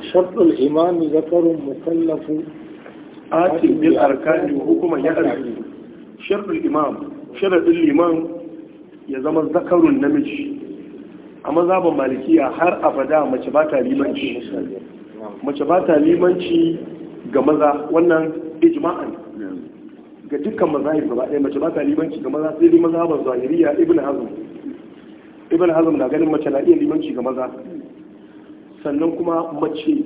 شرط الإمام ذكر مكلف آتي بالأركان وحكم يعرف شرط الإمام شرط الإمام يزم ذكر النمج أما ذاب مالكية هر أبدا مجباتا لمنشي مجباتا لمنشي ga maza wannan ijma'an ga dukkan mazahir gaba ɗaya mace ba ta limanci ga maza sai ibn hazm ibn hazm na ganin mace na iya limanci ga maza sannan kuma mace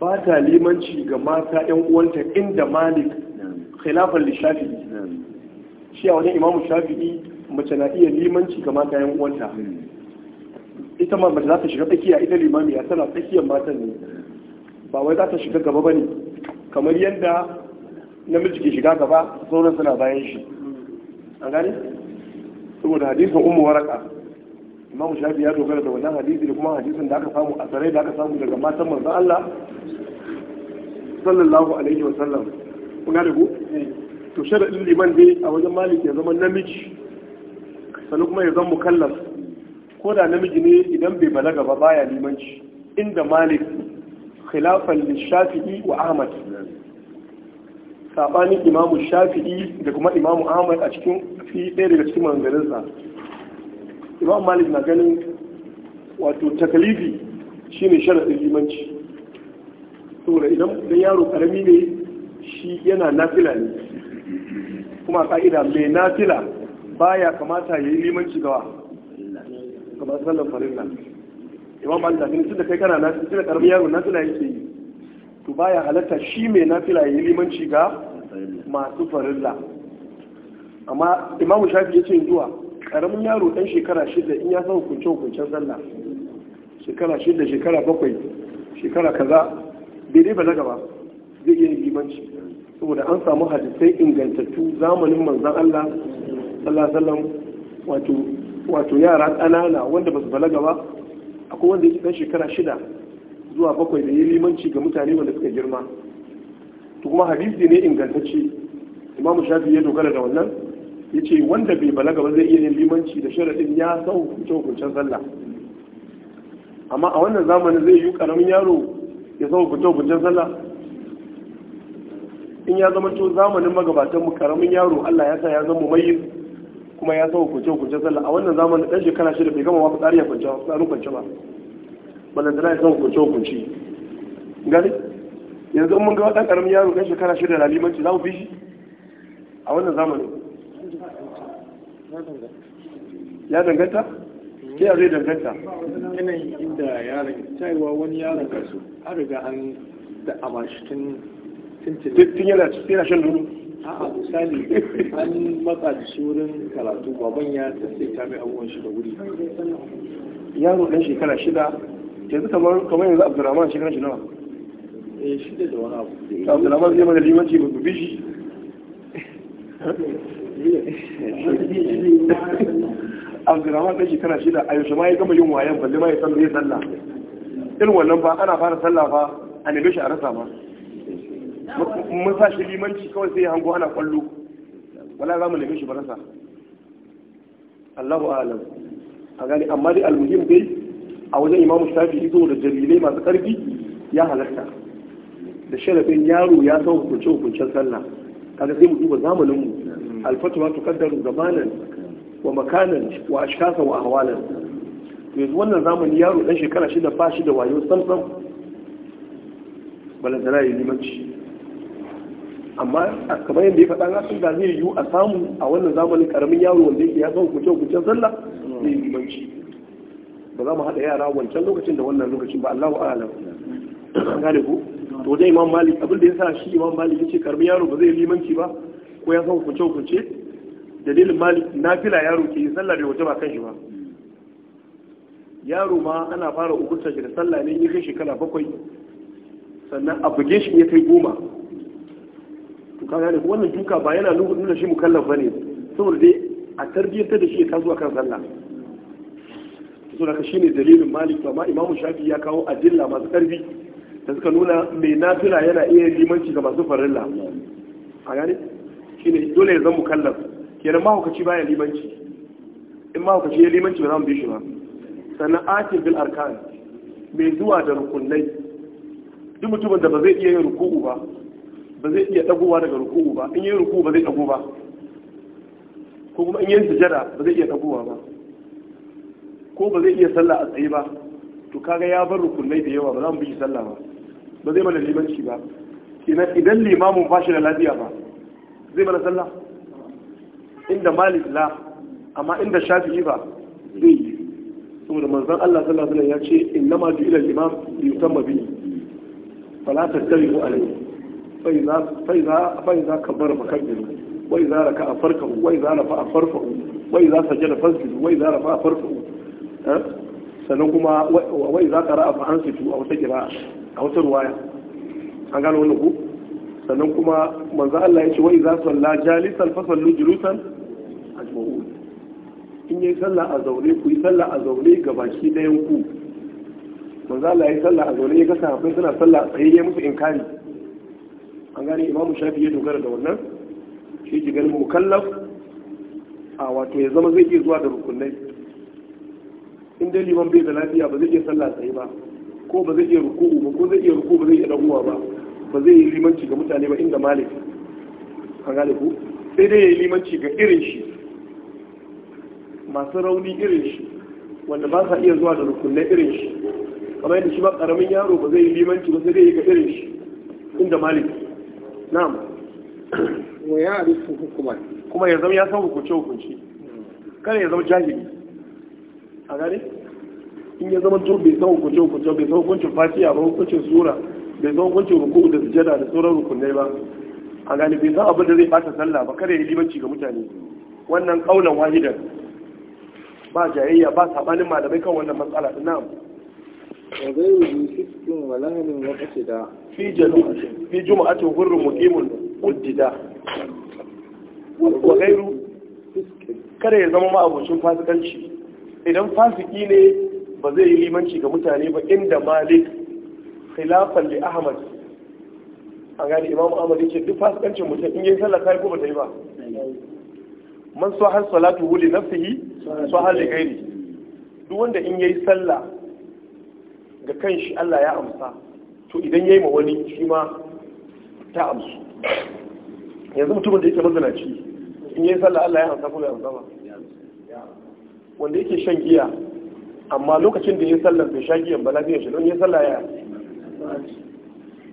ba ta limanci ga mata yan uwanta inda malik khilafar li shafi'i shi a wajen imamu shafi'i mace na iya limanci ga mata yan uwanta ita ma mace za ta shiga tsakiya ita limamiya tana tsakiyar matan ne ba wai za ta shiga gaba ba ne kamar yadda namiji ke shiga gaba sauran suna bayan shi an gane saboda hadisin umu waraka imam shafi ya dogara da wannan hadisi da kuma hadisin da aka samu a sarai da aka samu daga matan manzon Allah sallallahu alaihi wa sallam kuna da ku to sharadin liman dai a wajen malik ya zama namiji sannan kuma ya zama mukallaf ko da namiji ne idan bai balaga ba baya limanci inda malik khilafan shafi'i wa ahmad sabani imamu shafi'i da kuma imamu ahmad a cikin fi ɗaya daga cikin manzarinsa imam malik na ganin wato takalifi shine sharaɗin limanci saboda idan yaro karami ne shi yana nafila ne kuma ka'ida mai nafila baya kamata ya yi limanci gawa kamar sallan farilla imam malik na ganin tunda kai kana nafila tunda karamin yaro nafila yake yi to baya halatta shi mai nafila ya yi limanci ga masu farilla amma imam shafi ya ce zuwa karamin yaro dan shekara shida in ya san hukunce hukuncen sallah shekara shida shekara bakwai shekara kaza daidai na gaba zai iya limanci saboda an samu hadisai ingantattu zamanin manzan Allah sallallahu alaihi wato wato yara ƙanana wanda ba su balaga ba akwai wanda yake dan shekara shida zuwa bakwai da yi limanci ga mutane wanda suka girma to kuma hadisi ne ingantacce imamu shafi ya dogara da wannan ya ce wanda bai balaga ba zai iya yin limanci da sharaɗin ya sau hukuncin hukuncen sallah amma a wannan zamanin zai yi ƙaramin yaro ya sau hukuncin hukuncen sallah in ya zama to zamanin magabatan mu ƙaramin yaro Allah ya sa ya zama mai kuma ya sau hukuncin hukuncen sallah a wannan zamanin ɗan shekara shida bai gama wafi tsari ya kwanci tsarin kwanci ba na ya sau hukuncin hukunci gani yanzu mun ga ɗan ƙaramin yaro ɗan shekara shida na limanci za mu bi shi a wannan zamanin ya danganta ta yare danganta yanayin inda yaron cewa wani yaron kasu a riga an da amashi tun tun yana shan nono a'a misali an matsa da shi wurin karatu baban ya ta mai abubuwan shi da wuri yaro dan shekara shida yanzu kamar kamar yanzu abdurrahman shekara shi nawa eh shida da wani abu abdurrahman zai mana limanci ba bi abdurrahman ɗan shekara shida a yaushe ma ya gama yin wayan balle ma ya san zai sallah irin wannan ba ana fara sallah ba a nemi shi a rasa ba mun sa shi limanci kawai sai ya hango ana kwallo wala za mu nemi shi ba rasa Allahu a'lam a gani amma dai almuhim dai a wajen imamu shafi'i saboda dalilai masu ƙarfi ya halarta da sharafin yaro ya san hukunce hukuncen sallah kaga sai mu duba zamaninmu. mu alfatuwa tukaddaru zamanan wa makanan wa ashkasa wa ahwalan yanzu wannan zamani yaro dan shekara shida ba shi da wayo sam sam balantana ya limanci amma kamar yadda ya faɗa na sun da zai yiwu a samu a wannan zamanin karamin yaro wanda yake ya san kuce-kucen sallah zai yi limanci ba za mu haɗa yara wancan lokacin da wannan lokacin ba Allahu a'lam gane ku to dai imam malik abin da ya sa shi imam malik yace karamin yaro ba zai limanci ba ko ya san hukunce hukunce dalilin malik fila yaro ke sallah bai wajaba kan shi ba yaro ma ana fara hukunta shi da sallah ne ya kai shekara bakwai sannan a buge shi ya kai goma to kaga ne wannan duka ba yana nuna shi mukallaf bane saboda dai a tarbiyyar da shi ya taso kan sallah so shi shine dalilin malik ba amma imamu shafi ya kawo adilla masu karfi da suka nuna mai nafila yana iya limanci ga masu farilla a gane shine dole ya zama mukallaf kenan mahaukaci baya limanci in mahaukaci ya limanci ba za mu bi shi ba sannan akin bil arkan mai zuwa da rukunai duk mutumin da ba zai iya yin ruku'u ba ba zai iya dagowa daga ruku'u ba in yi ruku'u ba zai dago ba ko kuma in yi sujada ba zai iya dagowa ba ko ba zai iya sallah a tsaye ba to kaga ya bar rukunai da yawa ba za mu bi shi sallah ba ba zai mana limanci ba idan limamin ba shi da lafiya ba zai mana sallah inda malik la amma inda shafi'i ba zai yi saboda manzon Allah sallallahu alaihi ya ce innama ju'ila al-imam li yutamma bihi fala tattabi'u alayhi fa idza fa idza fa idza kabbara fakabbiru wa idza raka'a farka'u wa idza rafa'a farfa'u wa idza sajada fasjudu wa idza rafa'a farfa'u eh? sannan kuma wa idza qara'a fa ansitu aw tajra aw tarwaya an gano wannan ku sannan kuma manzo Allah ya ce wai za su salla jalisan fa sallu julusan in yi sallah a zaune ku yi sallah a zaune ga baki ɗayan ku manzo Allah ya sallah a zaune ya kasa hafai suna sallah a tsaye ya musu inkari an gane imamu shafi ya dogara da wannan shi ji ganin mukallaf a wato ya zama zai iya zuwa da rukunai in dai liman bai da lafiya ba zai iya sallah tsaye ba ko ba zai iya ruku'u ba ko zai iya ruku'u ba zai iya dahuwa ba ba zai yi limanci ga mutane ba inda malik an gane ku sai dai ya yi limanci ga irin shi masu rauni irin shi wanda ba sa iya zuwa da rukunai irin shi kamar yadda shi ba karamin yaro ba zai yi limanci ba sai dai ya yi ga irin shi inda malik na'am wa ya arifu hukuman kuma ya zama ya san hukunci hukunci kada ya zama jahili a gane in ya zama to bai san hukunci hukunci bai san hukuncin fatiya ba hukuncin sura bai zo wancan ruku da sujada da sauran rukunai ba a galibi bai san abin da zai bata sallah ba kare ya limanci ga mutane wannan kaulan wahidan ba jayayya ba sabanin malamai kan wannan matsala din na'am wa ghayru fiskin wa lahalin wa da fi jalu fi jumu'atin hurrun muqimun uddida wa gairu kare ya zama ma'abocin fasikanci idan fasiki ne ba zai yi limanci ga mutane ba inda malik khilafan li ahmad an gani imam ahmad yake duk fasikancin mutum in yayi sallah kai ko bata yi ba man so har salatu wuli nafsihi so har li gairi duk wanda in yayi sallah ga kanshi Allah ya amsa to idan yayi ma wani shi ma ta amsu yanzu mutumin da yake ci in yayi sallah Allah ya amsa ko bai amsa ba wanda yake shan giya amma lokacin da ya sallar bai sha giyan ba lafiyar shi don ya sallah ya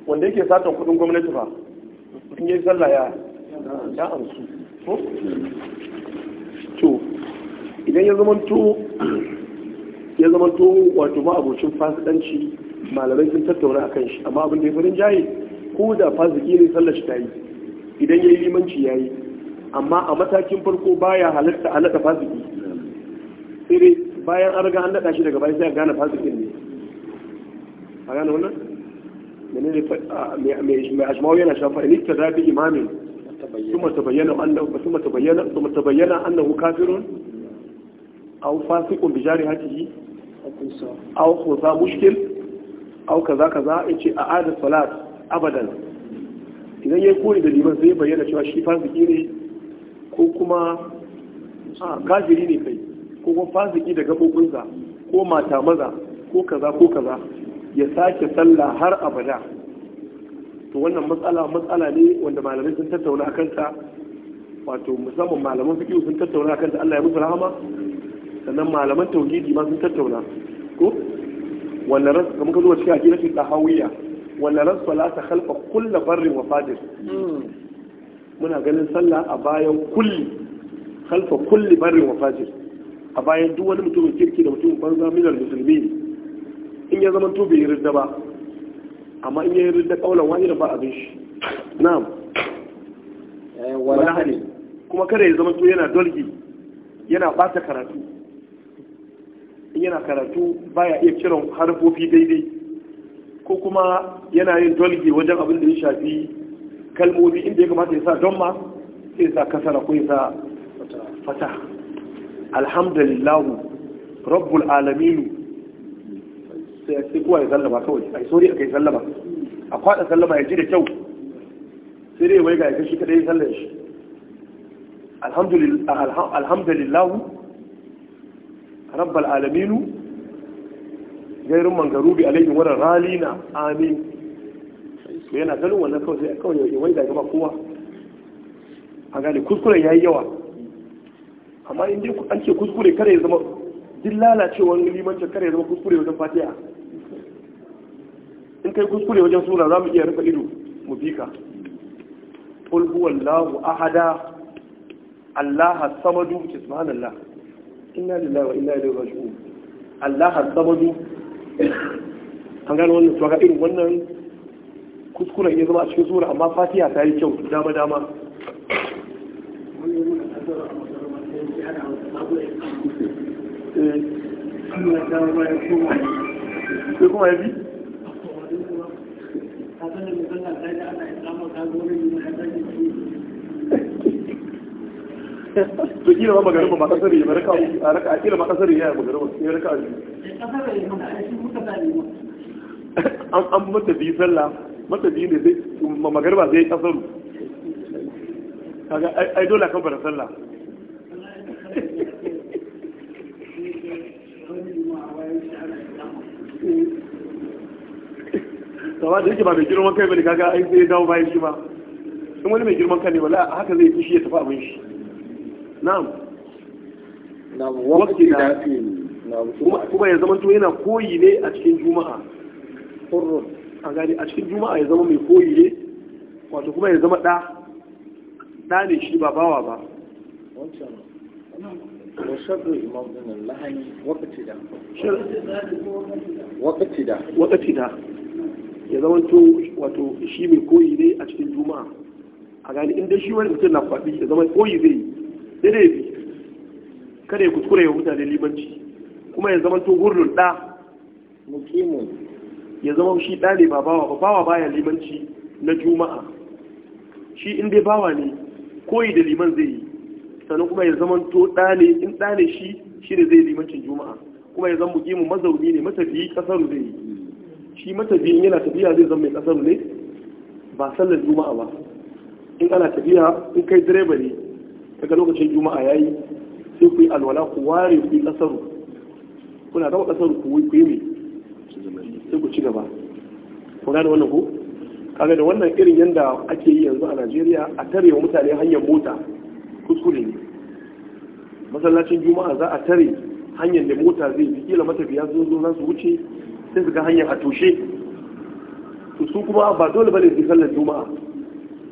wanda yake satan kudin gwamnati ba in yi zalla ya ya amsu to idan ya zama to ya zama to wato ma abocin fasikanci malamai sun tattauna a kan shi amma abin da ya farin jaye ko da fasiki ne sallar shi ta yi idan ya yi limanci ya yi amma a matakin farko baya halatta a nada fasiki sai bayan an riga an naɗa shi daga bayan sai a gane fasikin ne a gane wannan mai ajmawa yana shafa in ta zabi imamin ثم تبين أنه ثم تبين ثم تبين أنه كافر أو فاسق بجارحته أو خذا مشكل أو كذا كذا يجي أعاد الصلاة أبدا إذا يكون da liman zai bayyana cewa fasiki ne ko kuma ne kai ko kuma fasiki da gabobinsa ko mata maza ko kaza ko kaza ya sake sallah har abada to wannan matsala matsala ne wanda malamai sun tattauna a kanta wato musamman malaman fiƙi sun tattauna a kanta Allah ya musu rahama sannan malaman tauhidi ma sun tattauna ko wanda ras kamar ka zuwa cikin aqidatu tahawiyya wanda ras fala ta khalqa kull barrin wa fadir muna ganin sallah a bayan kulli khalqa kulli barrin wa fadir a bayan duk wani mutumin kirki da mutumin banza minal musulmi in ya zama to bai rida ba amma in ya yi ridda kaulan wahidan ba abin shi na'am eh, wala hali kuma kada ya zama to yana dolgi yana bata karatu in yana karatu baya iya kiran harfofi daidai ko kuma yana yin dolgi wajen abin da ya shafi kalmomi inda ya kamata ya sa don ma sai ya sa kasara ko ya sa fata Alhamdulillahu, rabbul alaminu sai kowa ya sallama kawai a yi sori a kai sallama a kwaɗa sallama ya ji da kyau sai dai wai ga ya kashi kadai sallar shi ah, alhamdulillah rabbal alaminu gairun mangarubi alaihim wa ralina amin to yana ganin wannan kawai sai kawai ya wai ga gaba kowa a gane kuskuren ya yi yawa amma in dai an ce kuskure kare ya zama duk lalacewar limancin kare ya zama kuskure wajen fatiha in kai kuskure wajen sura za mu iya rufe ido mu bi ka qul huwallahu ahada allah samadu subhanallah inna lillahi wa inna ilaihi raji'un allah samadu an gano wannan to ga irin wannan kuskuren ya zama a cikin sura amma fatiha ta yi kyau dama dama eh. sai kuma ya bi to kila ma magarin ba kasar ya baraka a raka a kila ma kasar ya magarin ba sai raka a biyu eh, an mata biyu sallah mata biyu ne sai magarba zai kasaru kaga ai dole kan bara sallah tawa da yake ba mai girman kai bane kaga ai zai dawo bayan shi ba in wani mai girman kai ne wala haka zai fushi ya tafi abin shi na'am na'am wakti da kuma ya zama to yana koyi ne a cikin juma'a qurrun a gani a cikin juma'a ya zama mai koyi ne wato kuma ya zama da da ne shi ba bawa ba wancan وشر إمامنا اللحن وقت دا وقت da. ya zamanto wato shi mai koyi ne a cikin juma'a a gani inda shi wani mutum na faɗi ya zama koyi zai yi daidai bi kada ya kuskure ya mutane limanci kuma ya zamanto hurlun ɗa mukimu ya zama shi ɗa ne ba bawa ba bawa baya limanci na juma'a shi in dai bawa ne koyi da liman zai yi sannan kuma ya zama to ne. in ɗa ne shi shi ne zai limancin juma'a kuma ya zama mukimu mazauni ne matafiyi ƙasar zai yi shi matafiyin yana tafiya zai zama mai kasar ne ba sallar juma'a ba in ana tafiya in kai direba ne daga lokacin juma'a ya yi sai ku yi alwala ku ware ku yi kasaru kuna raba kasar ku yi kuyi sai ku ci gaba ku da wannan ku kaga da wannan irin yadda ake yi yanzu a Najeriya a tare wa mutane hanyar mota kuskure ne masallacin juma'a za a tare hanyar da mota zai bi kila matafiya zuwa zuwa za su wuce sai su ga hanyar a toshe to su kuma ba dole bane su sallar juma'a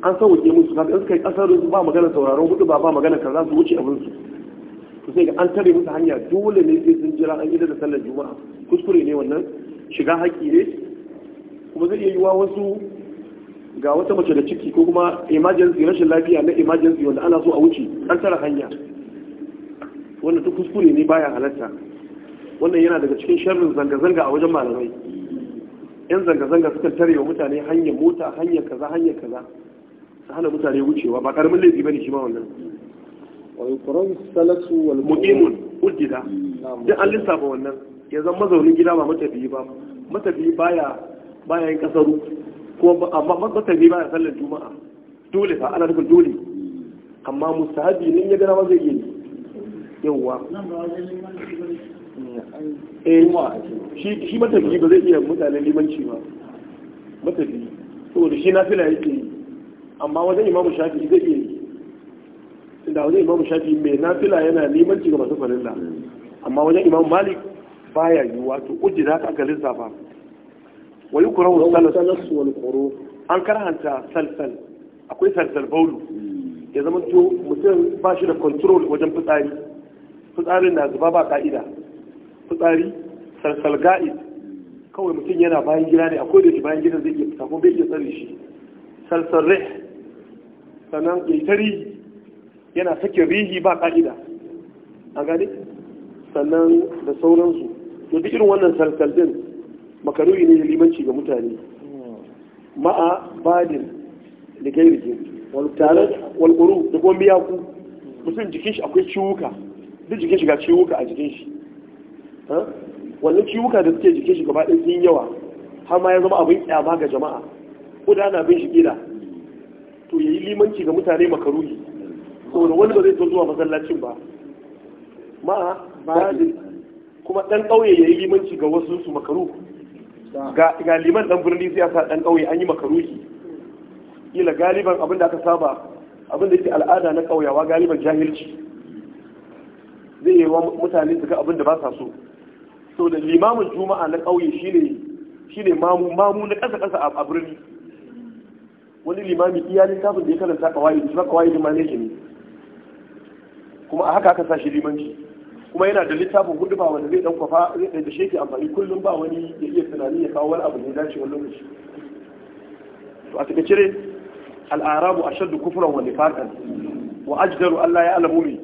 an sauke musu kafin suka yi kasar ba magana sauraron hudu ba ba magana za su wuce abin su su sai ga an tare musu hanya dole ne sai sun jira an yi da sallar juma'a kuskure ne wannan shiga haƙƙi ne kuma zai iya yiwa wasu ga wata mace da ciki ko kuma emergency rashin lafiya na emergency wanda ana so a wuce an tara hanya wannan duk kuskure ne baya halatta wannan yana daga cikin sharrin zanga-zanga a wajen malamai yan zanga-zanga suka tare wa mutane hanyar mota hanyar kaza hanyar kaza su hana mutane wucewa ba karamin laifi bane shi ma wannan wa yuqra'u salatu wal muqimun ujida an lissafa wannan ya zan mazaunin gida ba matafiyi ba matafiyi baya baya yin kasaru ko amma matafiyi baya sallar juma'a dole fa ana nufin dole amma Mustahabi ne ya gana ma zai yi yawwa Eh, shi matafiyi ba zai iya mutanen limanci ba matafiyi saboda shi na fila yake yi amma wajen imamu shafi zai iya yi da wajen imamu shafi mai na fila yana limanci ga masu falilla amma wajen imamu malik baya yi wato uji za ka lissafa wani kuran salasu wani koro an karanta salsal akwai salsal baulu ya zama to mutum ba shi da control wajen fitsari fitsarin na zuba ba ka'ida fitsari salsal ga'id kawai mutum yana bayan gida ne akwai da shi bayan gida zai iya fita ko bai iya tsare shi sarsal rih sannan ya yana sakin rihi ba ka'ida a gani sannan da sauransu to duk irin wannan salsal din makaruri ne limanci ga mutane ma'a badin da gairike walƙuru da kuma musulun mutum jikin shi akwai ciwuka duk jikin shi ga ciwuka a jikin shi wannan ciwuka da suke jikin shi gaba ɗin sun yawa har ma ya zama abin tsama ga jama'a kuda na bin shi gida to yayi limanci ga mutane makaruhi saboda wani ba zai so zuwa masallacin ba ma ba kuma ɗan ƙauye yayi limanci ga wasu su makaru ga liman dan birni sai aka ɗan ƙauye an yi makaruhi kila galiban abin da aka saba abin da yake al'ada na ƙauyawa galiban jahilci zai yi wa mutane su ga abin da ba sa so so da limamin juma'a na ƙauye shine shine mamu mamu na ƙasa ƙasa a birni wani limami iya littafin da ya karanta kawai Da ba kawai ma ne ne kuma a haka aka sa shi limanci kuma yana da littafin hudu ba wanda zai dan kwafa zai da sheki amfani kullum ba wani ya iya tunani ya kawo wani abu ne dace wani lokaci to a take cire al'arabu ashaddu kufran wa nifaqan wa ajdaru alla ya'lamu bi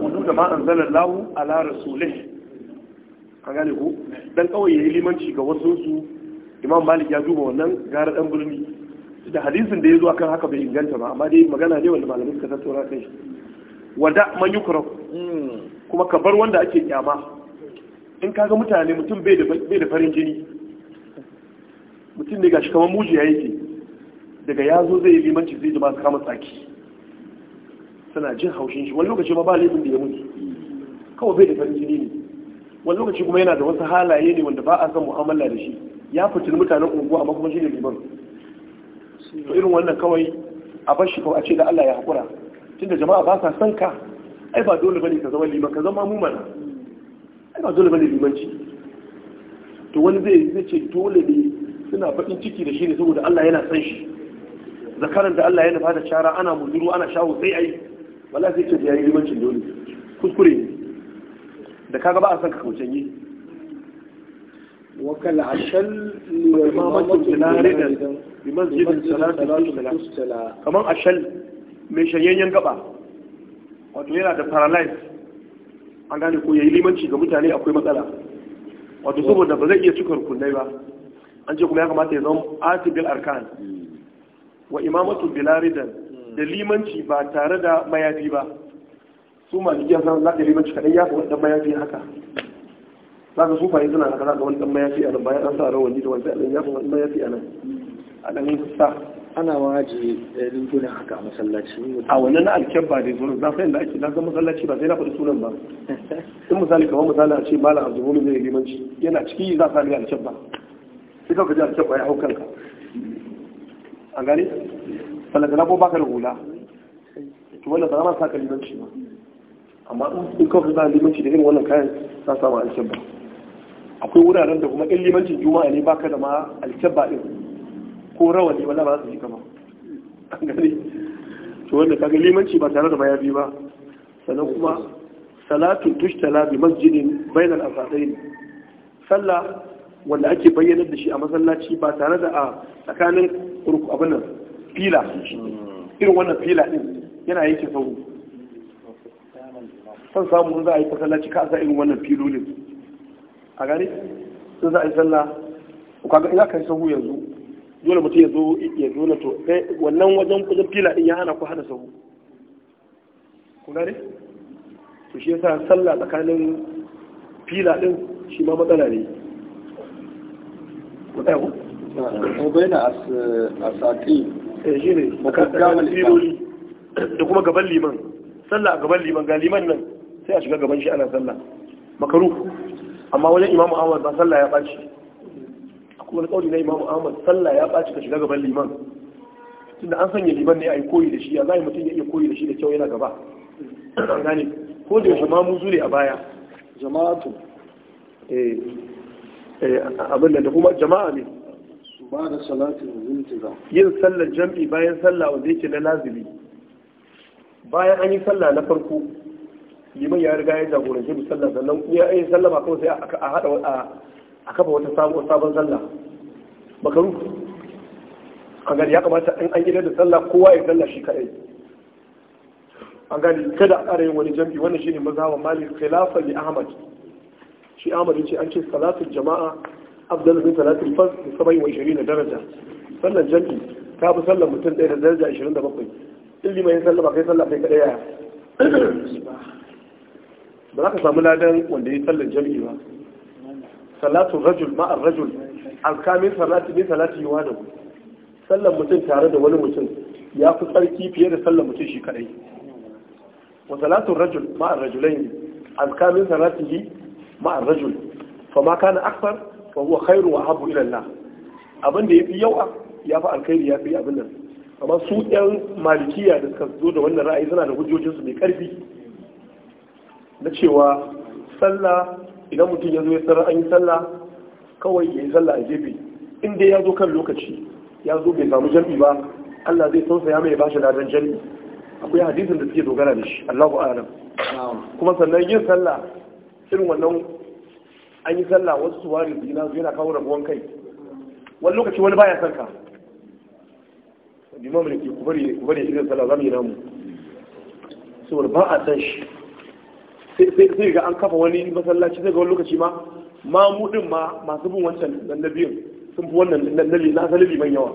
wudu da ma anzala Allahu ala rasulih ka gane ko dan kawai ya yi limanci ga wasu su imam malik ya duba wannan gara dan birni da hadisin da ya zo akan haka bai inganta ba amma dai magana ne wanda malamai suka tattauna kai wada man yukraf kuma ka bar wanda ake kyama in kaga mutane mutum bai da bai da farin jini mutum ne gashi kamar mujiya yake daga yazo zai yi limanci zai ba kama tsaki suna jin haushin shi wani lokaci ma ba laifin da ya mutu kawai bai da farin jini ne wani lokaci kuma yana da wasu halaye ne wanda ba a san mu'amala da shi ya fitin mutanen unguwa amma kuma shi ne liman to irin wannan kawai a bar shi kawai a ce da Allah ya hakura tunda jama'a ba sa son ka ai ba dole bane ka zama liman ka zama mumana ai ba dole bane limanci to wani zai zai ce dole ne suna faɗin ciki da shi ne saboda Allah yana son shi zakaran da Allah yana bada shara ana muzuru ana shawo sai ai wala sai ce da yayi limancin dole kuskure ne da kaga ba a san ka kaucanye وكل عشل لإمامة جناردا بمسجد صلاة تصلى كمان عشل mai shanyayyen gaba wato yana da paralyze an gane ko yayi limanci ga mutane akwai matsala wato saboda ba zai iya cika rukunai ba an ce kuma ya kamata ya zama artibil arkan hmm. wa imamatu bilaridan da limanci ba tare da mayafi ba su malikiya sun za ka yi limanci kaɗai ya fi wani ya fi haka za ka sufaye suna haka za ka wani ɗan mayafi a nan bayan an sa rawani da wani ɗan ya fi wani mayafi a nan a ɗan sa ana ma ajiye eh, rigunan haka a masallaci a wannan na alkyabba da zuwa za fahimta ake na zama masallaci ba sai na faɗi sunan ba in misali kamar misali a ce malam abdulmumin zai limanci yana ciki za ka ga alkyabba sai kawai ka ji alkyabba ya hau kanka a gani sannan ko baka da hula to wannan ba za ma sa ka limanci ba amma in kawai za a limanci da irin wannan kayan za samu alkyabba akwai wuraren da kuma in limancin juma'a ne baka da ma alkyabba din ko rawani wala ba za su yi kama an gani to wanda kaga limanci ba tare da mayafi ba sannan kuma salatun tushtala bi masjidin bainal asadain sallah wanda ake bayyanar da shi a masallaci ba tare da a tsakanin abin nan fila irin wannan fila din yana yake sauri san samu za a yi masallaci ka za irin wannan filolin a gani sun za a yi sallah kaga ina aka yi sahu yanzu dole mutum ya zo ya zo na to eh, wannan wajen wajen fila din ya hana ku hana sahu ku gane to shi yasa sallah tsakanin fila din shi ma matsala ne ku tsaya ku obaina as asaqi eh shine tsakanin filoli da kuma gaban liman sallah a gaban liman ga liman nan sai a shiga gaban shi ana sallah makaru amma wajen imam ahmad ba sallah ya ɓaci akwai wani kauri na imam ahmad sallah ya ɓaci ka shiga gaban liman tunda an sanya liman ne a yi koyi da shi ya zai mutum ya iya koyi da shi da kyau yana gaba an gane ko da yaushe ma mu zure a baya jama'atu eh, eh abin da kuma jama'a ne ba da salatin zuntiza yin sallar jam'i bayan sallah wanda yake na lazimi bayan an yi sallah na farko liman ya riga ya jagoranci mu sallah sannan ya yi sallah ba kawai sai a haɗa a kafa wata sabon sallah makaru an gani ya kamata in an gidan da sallah kowa ya sallah shi kadai an gani kada a ƙara yin wani jam'i wannan shine mazhaban malik khilafa li ahmad shi ahmad yace an ce salatul jama'a afdalu min salatul fard bi 27 daraja sallan jam'i ta fi sallan mutum ɗaya da daraja 27 in liman ya sallama kai sallah kai kaɗai yaya ba za ka samu ladan wanda ya sallar jami'i ba salatu rajul ma'ar rajul alkamin salati ne salati yiwa da ku sallar mutum tare da wani mutum ya fi tsarki fiye da sallar mutum shi kaɗai wa salatu rajul ma'ar rajulain alkamin salatihi ma'ar rajul fa ma kana akthar fa huwa khairu wa habu ila Allah abin da yafi yawa ya fi alkhairi ya fi abin nan amma su yan malikiya da suka zo da wannan ra'ayi suna da hujjojinsu mai karfi na cewa sallah idan mutum ya zo ya tsara an yi sallah kawai ya yi sallah a gefe inda ya zo kan lokaci ya zo bai samu jam'i ba Allah zai ya mai bashi ladan jam'i akwai hadisin da suke dogara da shi Allahu a'lam kuma sannan yin sallah irin wannan an yi sallah wasu suwari dina yana kawo rabuwan kai wani lokaci wani baya son ka limamu da ke ku bari shirin sallah za mu yi namu saboda ba a san shi sai ga an kafa wani masallaci sai ga wani lokaci ma ma mu ma masu bin wancan na sun fi wannan na asalin liman yawa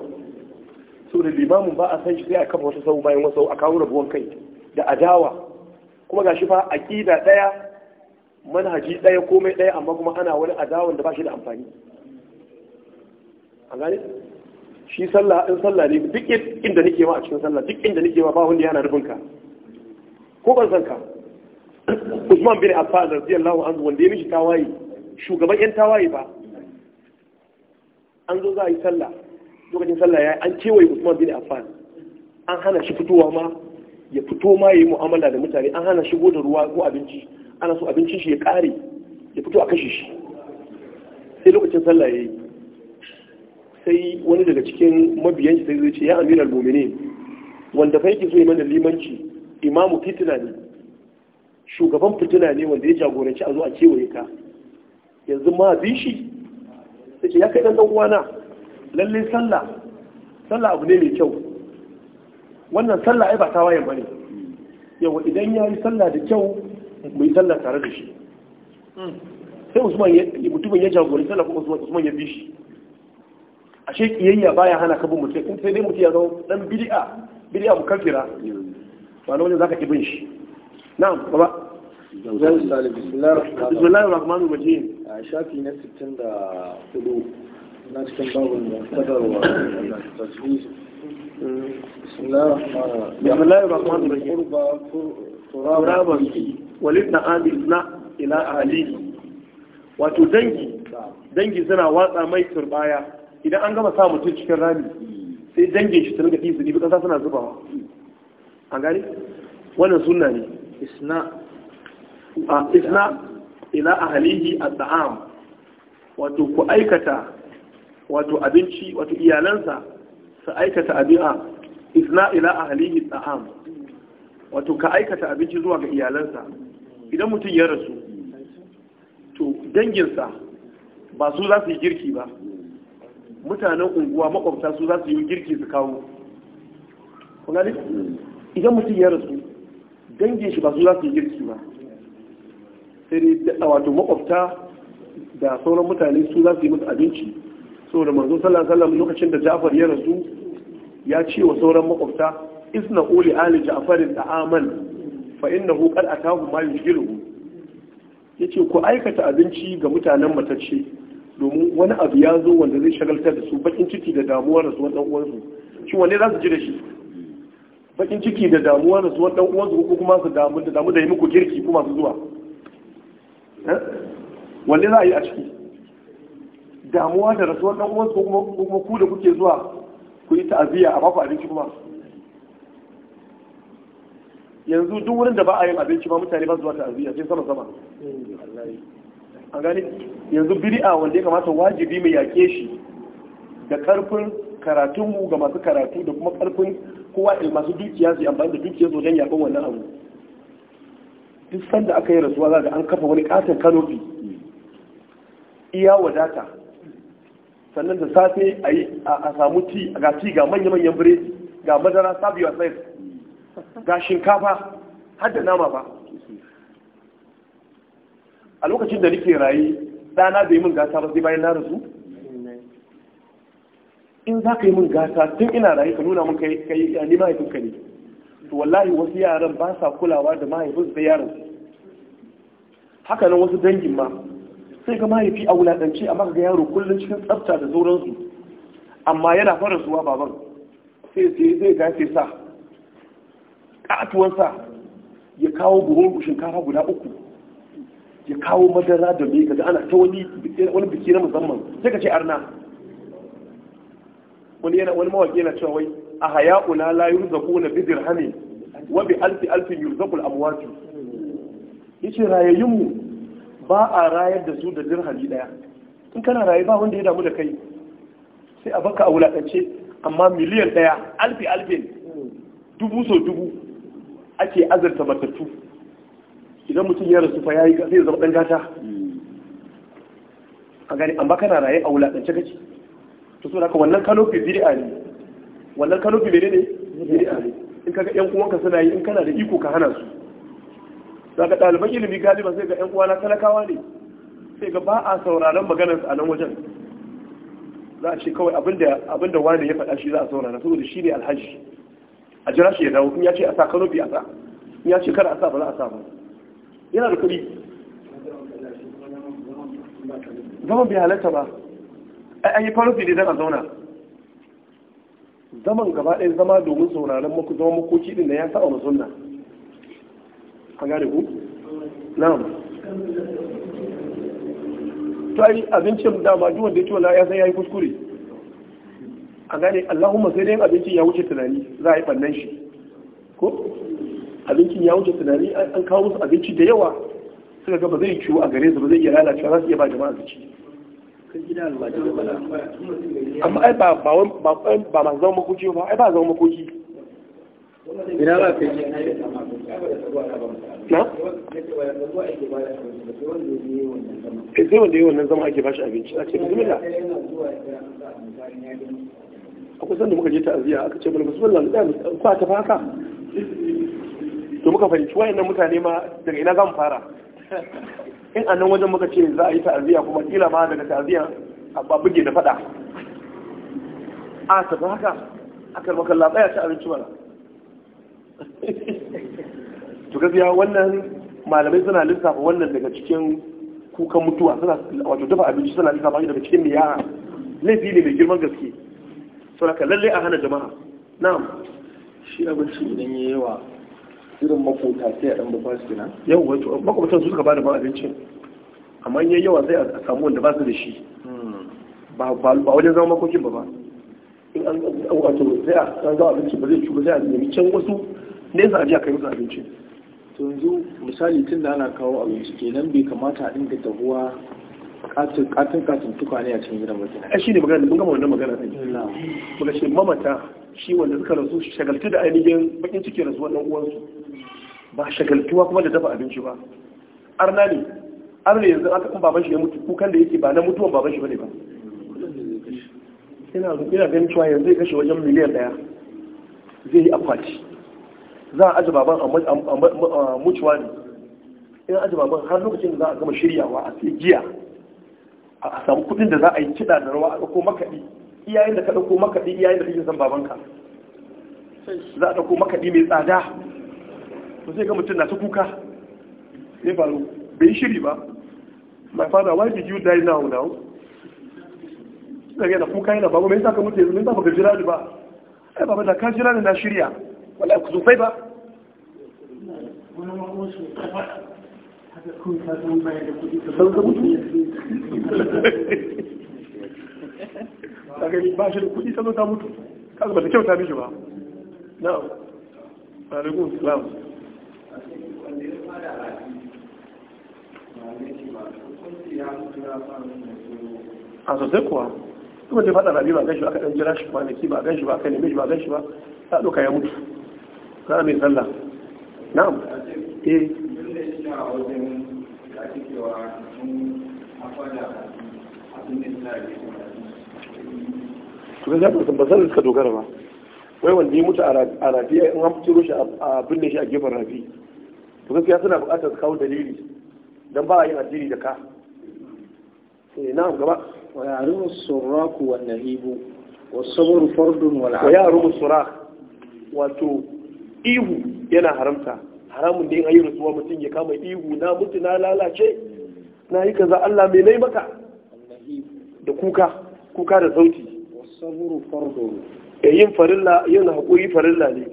saboda limamin ba a san shi sai a kafa wasu sau bayan wasu a kawo rabuwan kai da adawa kuma ga shi fa aƙida ɗaya manhaji ɗaya komai ɗaya amma kuma ana wani adawan da ba shi da amfani a gane shi sallah in sallah ne duk inda nake ma a cikin sallah duk inda nake ma ba wanda yana nufin ka ko ban san ka Usman bin Affan radiyallahu anhu wanda ya mishi tawaye shugaban yan tawaye ba an zo za a yi sallah lokacin sallah ya an kewaye Usman bin Affan an hana shi fitowa ma ya fito ma yayi mu'amala da mutane an hana shigo da ruwa ko abinci ana so abincin shi ya kare ya fito a kashe shi sai lokacin sallah yayi sai wani daga cikin mabiyan shi sai zai ce ya amir al mumini wanda fa yake so mana limanci imamu fitina ne shugaban fitina ne wanda ya jagoranci a zo a kewaye ka yanzu ma bi shi sai ya kai dan dan uwana lalle sallah sallah abu ne mai kyau wannan sallah ai ba tawayen bane yawa idan ya yi sallah da kyau mu yi sallah tare da shi hmm. sai usman mutumin ya jagoranci sallah kuma usman ya bi shi ashe kiyayya baya hana ka bin mutum in sai dai mutum ya zama dan bid'a bid'a kafira to nan zaka ki bin shi na'am baba bismillahir rahmanir na 64 na cikin babun kadarwa bismillahir rahmanir rahim walid na wato dangi dangi suna watsa mai turbaya idan an gama sa mutum cikin rami sai dange shi su gafi ɗin su ɗibi ƙasa suna zubawa a gani wannan suna ne isna isna ila ahalihi a taam wato ku aikata wato abinci wato iyalansa su aikata abi'a isna ila ahalihi at wato ka aikata abinci zuwa ga iyalansa idan mutum ya rasu to danginsa ba su za su yi girki ba mutanen unguwa makwabta su za su yi girki su kawo kunani idan mutum ya rasu dangin shi ba su za su yi girki ba sai dai wato makwabta da sauran mutane su za su yi musu abinci da manzo sallallahu alaihi lokacin da Ja'far ya rasu ya ce wa sauran makwabta isna uli ali Ja'farin aman fa innahu qad atahu ma ya yace ku aikata abinci ga mutanen matacce domin wani abu ya zo wanda zai shagaltar da su bakin ciki da damuwa da suwan ɗan'uwansu shi wanne za su ji da shi bakin ciki da damuwa da suwan ɗan'uwansu ko kuma su damu da damu da yi muku girki ko su zuwa eh? wanne za a yi a ciki damuwa da rasuwar ɗan'uwansu ko kuma ku da kuke zuwa ku yi ta'aziyya a baku abinci kuma yanzu duk wurin da ba a yin abinci ba mutane ba zuwa ta'aziyya sai sama sama a gani yanzu wanda ya kamata wajibi mai yaƙe shi da karfin karatunmu ga masu karatu da kuma ƙarfin kowa masu dukiya su amfani da dukiya wajen yaƙon wannan abu duk sanda aka yi rasuwa za ga an kafa wani katon kanofi iya wadata sannan da safe a samu ci a ga manya-manyan bire, ga madara sabiwa sayar ga shinkafa har da nama ba a lokacin da nake rayu ɗana bai min gata ba sai bayan na rasu in za ka yi min gata tun ina rayu ka nuna min kai kai ya mahaifinka ne to wallahi wasu yaran ba sa kulawa da mahaifin sai yaran haka nan wasu dangin ma sai ga mahaifi a wulaɗance amma ga yaro kullum cikin tsafta da sauransu amma yana fara zuwa baban sai sai zai gafe sa ƙatuwan ya kawo buhun shinkafa guda uku ya kawo madara da mai kaga ana ta wani biki na musamman sai ka arna wani yana wani mawaki yana cewa wai a haya'una la yurzaquna bi dirhami wa bi alfi alfi yurzaqul amwat yace rayayyun mu ba a rayar da su da dirhami daya in kana raye ba wanda ya damu da kai sai a baka a wulaƙance amma miliyan daya alfi alfi dubu so dubu ake azarta matattu idan mutum ya rasu fa yayi zai zama dan gata a gani amma kana raye a wulaƙance kake to so haka wannan kanofi bid'a ne wannan kanofi menene bid'a ne in kaga yan uwanka suna yi in kana da iko ka hana su daga ɗaliban ilimi galiba sai ga yan uwana talakawa ne sai ga ba a sauraron maganar a nan wajen za a ce kawai abinda wani ya faɗa shi za a saurara saboda shi ne alhaji a jira shi ya dawo in ya ce a sa kanofi a sa in ya ce kada a sa ba za a sa ba yana da kuɗi zaman bai halatta ba an yi farufi ne zan zauna zaman gaba ɗaya zama domin sauraron maku zama makoki ɗin da ya sa a masunna a gane ku? na'am ta yi abincin dama duk wanda ya ci wala ya san ya yi kuskure a gane allahumma sai dai abincin ya wuce tunani za a yi ɓannan shi ko abincin ya wuce tunani an kawo musu abinci da yawa suka ga ba zai ciwo a gare su ba zai iya lalacewa za su iya ba jama'a su ci amma ai ba ba ba ma zama makoki ba ai ba zama makoki ina ba kai na ke eh, sai wanda yi wannan zama ake ba shi abinci a ce bismillah a kusan da muka je ta'aziyya aka ce mana bismillah mu tsaya mu ta fa haka to muka fahimci wayannan mutane ma daga ina zan fara in a nan wajen muka ce za a yi ta'aziyya kuma kila ma daga ta'aziyya a buge da fada a tafi haka aka maka labaya ta abinci mana to gaskiya wannan malamai suna lissafa wannan daga cikin kukan mutuwa suna wato dafa abinci suna lissafa shi daga cikin miya laifi ne mai girman gaske saboda lalle a hana jama'a na'am shi abinci idan yayi yawa irin makota sai a dan ba su kenan yau wato makwabtan su suka bada ba abincin amma yayi yawa sai a samu wanda ba su da shi ba ba wajen zama makokin ba ba in an wato sai a san zama abinci ba zai ci ba sai a nemi can wasu nesa a ji a kai musu abincin to yanzu misali tun da ana kawo abinci kenan bai kamata a dinga tabuwa katin katin tukwane a cikin gidan mutum a shi ne magana mun gama wannan magana ɗin muka ce mamata shi wanda suka rasu shagaltu da ainihin bakin cikin rasu wannan uwansu ba shagaltuwa kuma da dafa abinci ba arna ne arna yanzu aka kan baban shi ya mutu kukan da yake ba na mutuwan baban shi bane ba ina ina ganin cewa yanzu zai kashe wajen miliyan daya zai yi akwati za a aje baban a mutuwa ne ina aje baban har lokacin da za a gama shiryawa a sai giya a samu kudin da za a yi kiɗa da rawa a ɗauko makaɗi iyayen da ka ɗauko makaɗi iyayen da kake san babanka za a ɗauko makaɗi mai tsada to sai ga mutum na ta kuka ne faru bai shiri ba my father why did you die now now daga yana kuka yana babu mai saka mutu yanzu mai ga jira ba ai baba da ka jira ni na shirya wala ku zo zufai ba wannan ma kuma shi ta haka da sun ga mutu gari ba shi da kudi ta zo ta mutu kaga ba ta kyauta mishi ba na alaikum salam a sosai kuwa kuma zai fada rabi ba gan shi ba aka jira shi ba kwanaki ba gan shi ba aka neme ba gan shi ba ta ɗauka ya mutu ta mai sallah na'am eh a wajen da abin da kuma ya fi ba zan suka dogara ba wai wanda ya mutu a rafiya in an fito shi a binne shi a gefen rafi to gaskiya suna buƙatar kawo dalili dan ba a yin addini da ka sai eh, na gaba wa yarumu suraku wa nahibu wa sabru fardun wal wa yarumu surak wato ihu yana haramta haramun da yin ayi rasuwa mutum ya kama ihu na mutu na lalace na yi kaza Allah mai nai maka da kuka kuka da sauti saburu fardo da eh, yin farilla yin haƙuri farilla ne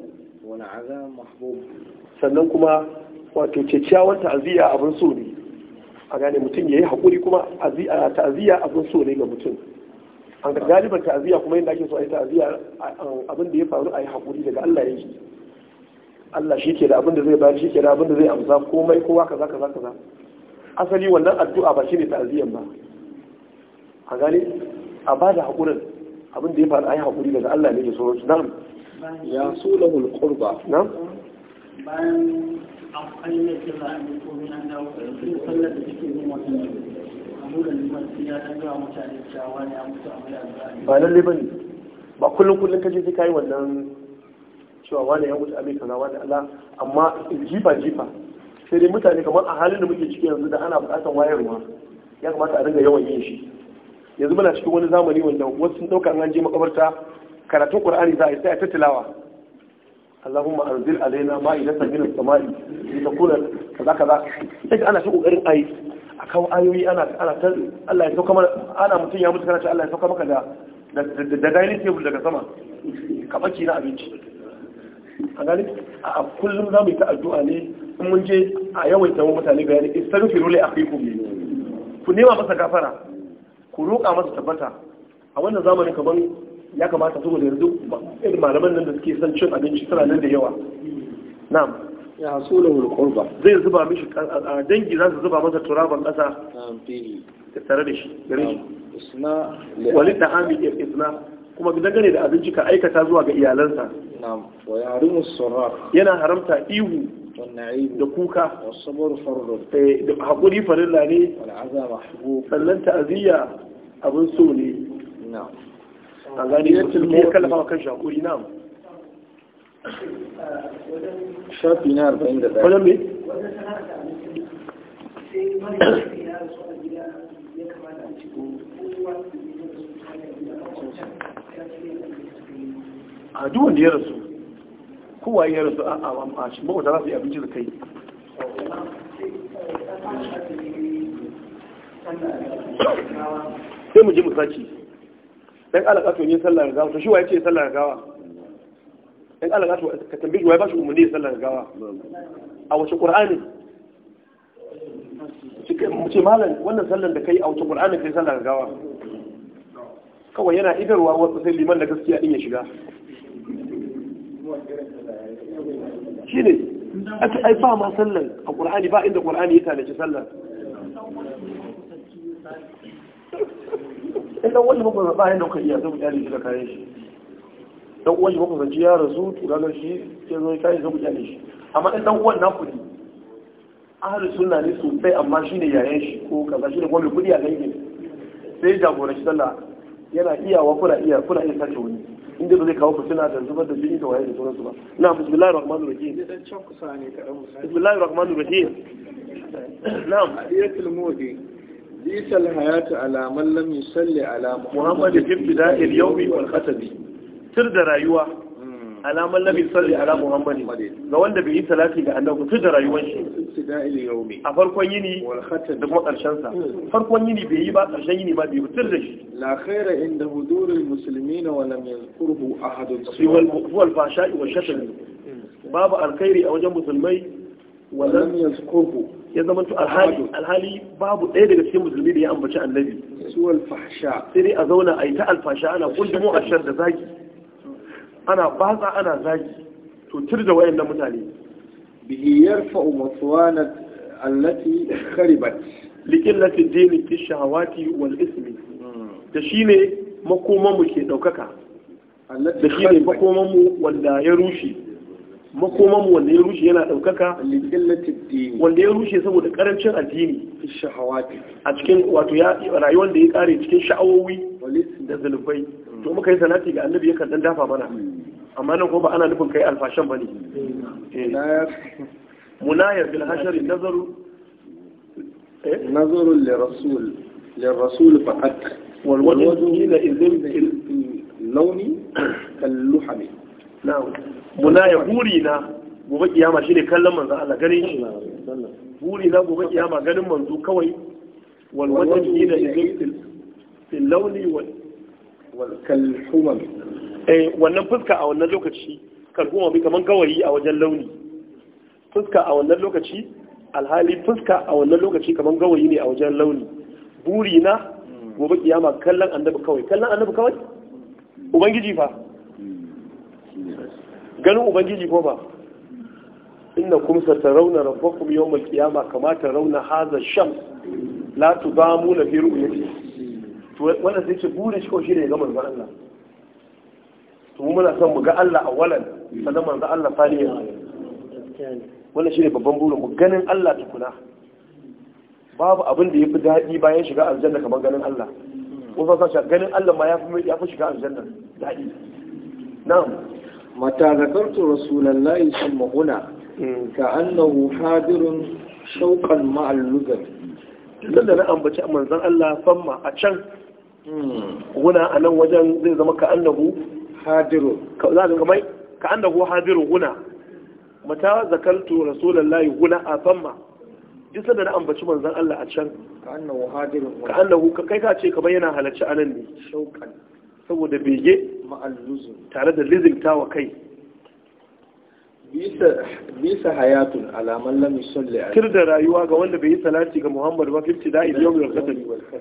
wani azam mahbub sannan kuma wato kyakkyawan ta'aziyya abin so ne a gane mutum ya yi haƙuri kuma ta'aziyya abin so ne ga mutum an ga galiban ta'aziyya kuma yadda ake so a yi ta'aziyya abin da ya faru a yi hakuri daga Allah ya yi Allah shi ke da abin da zai bayar shi ke da abin da zai amsa komai kowa kaza kaza kaza asali wannan addu'a ba shi ne ta'aziyyan ba a gane a ba da abin da ya faru ayi hakuri daga Allah ne da sauransu nan. ya sulahul qurba nan bayan an fayyana ko an dawo da yin wannan amura liman mutane cewa ne ba lalle bane ba kaje sai kai wannan cewa wani ya mutu amai kaza wani Allah amma jifa jifa sai dai mutane kamar a halin da muke ciki yanzu da ana bukatar wayarwa ya kamata a dinga yawan yin shi yanzu muna cikin wani zamani wanda wasu sun dauka an je makabarta karatun qur'ani za a yi sai a tattalawa alaina انزل علينا مائدة samai li لتكون kaza كذا sai ana shi kokarin ayi a kawo ayoyi ana ana ta Allah ya sauka mana ana mutum ya mutu kana ce Allah ya sauka maka da da dining table daga sama ka baki na abinci a gani a kullum za mu yi ta addu'a ne in mun je a yawaita mutane bayani istaghfiru li akhikum ku nema masa gafara ku roƙa masa tabbata a wannan zamanin kamar ya kamata saboda yanzu irin malaman nan da suke son cin abinci suna nan da yawa na'am ya zai zuba mishi a dangi za su zuba masa turaban ƙasa tare da shi gare shi da wal ya isna kuma gane da abinci ka aikata zuwa ga iyalansa na'am wa yana haramta ihu da kuka eh, da haƙuri farilla ne sannan ta'aziyya abin so ne a gani ya kan na shafi na me? a ya rasu kowa ya rasu a mawata za su yi abinci da kai sai mu ji mu saki ɗan alaƙa to sallah sallar gawa to shi wa yace sallar gawa ɗan alaƙa to ka tambaye ya ba shi umarni sallar gawa a wace ƙur'ani mu ce malam wannan sallar da kai a wace qur'ani kai sallar gawa kawai yana idarwa wasu sai liman da gaskiya din ya shiga shi ne aka ai ma sallan a ƙul'ani ba inda ƙul'ani ya tanaci sallan ɗan wani makwasa ba yadda kuka iya zama iyalin shi da kayan shi ɗan uwan makwasanci ya rasu turanar shi ya zo kayan zama iyalin shi amma ɗan ɗan uwan naku ne ahalin suna ne sosai amma shi ne yayan shi ko kaza shi ne kuma mai kuɗi a gangin sai ya shi sallah yana iyawa kuna iya kuna iya sace wani inda da zai kawo fitina da zubar da jini da waye da sauransu ba na bismillahir rahmanir rahim bismillahir rahmanir rahim na'am ayatul mudi bisal hayatu ala man lam yusalli ala muhammad fi bida'il yawmi wal khatabi sir da rayuwa alaman labi salli ala muhammadi ga wanda bai yi salati ga annabi tun da rayuwar shi a farkon yini da kuma karshen sa farkon yini bai yi ba karshen yini ma bai fitar da shi la khaira inda hudurul muslimina wa lam yazkurhu ahadun siwal wal fashai wa shatm babu alkhairi a wajen musulmai wa lam yazkurhu ya zama to alhali alhali babu ɗaya daga cikin musulmi da ya ambaci annabi suwal fahsha sai dai a zauna a yi ta alfasha ana kundumo ashar da zaki ana batsa ana zagi to wayan wayannan mutane bihi yarfa'u maswana allati kharibat likillati dini fi shahawati wal ismi da shine makoman mu ke daukaka da shine makoman mu wanda ya rushe makoman wanda ya rushe yana ɗaukaka wanda ya rushe saboda ƙarancin addini a cikin wato rayuwar da ya ƙare cikin sha'awowi da zunubai to muka yi salati ga annabi yakan dan dafa mana hmm. amma nan ko ba ana nufin kai alfashan bane hmm. eh. munayar bil hashari nazaru eh? nazaru lir rasul lir rasul faqat wal wajhu ila izin launi kal luhami na'am muna ya buri na gobe kiyama shine kallon manzo Allah ganin shi buri na gobe kiyama ganin manzo kawai wal wajhi da izil fil launi wal eh wannan fuska a wannan lokaci kal humam kaman gawayi a wajen launi fuska a wannan lokaci alhali fuska a wannan lokaci kaman gawayi ne a wajen launi buri na gobe kiyama kallon annabi kawai kallon annabi kawai ubangiji fa ganin ubangiji ko ba inna kum satarawna rabbakum yawm al kiyama kamata rauna haza ash-shams la tudamuna fi ru'yati to wannan sai ce burin shi ko shine ga manzon Allah to mu muna son mu ga Allah awalan sannan manzon Allah faniya wannan shine babban burin mu ganin Allah tukuna babu abin da yafi daɗi bayan shiga aljanna kamar ganin Allah ko sa ganin Allah ma yafi yafi shiga aljanna daɗi na'am متى ذكرت رسول الله ثم هنا كأنه حاضر شوقا مع اللذة لذا أنا أنبتي منزل الله فما أشان هنا أنا وجن زي زما كأنه حاضر كأنه كمان كأنه حاضر هنا متى ذكرت رسول الله هنا فما duk sanda na ambaci manzan Allah a can ka annahu ka kai ka ce kamar yana halarci anan ne saboda bege tare da lizimta wa kai bisa hayatun alaman lamin a da rayuwa ga wanda bai yi salati ga muhammadu ba fifti da da kasar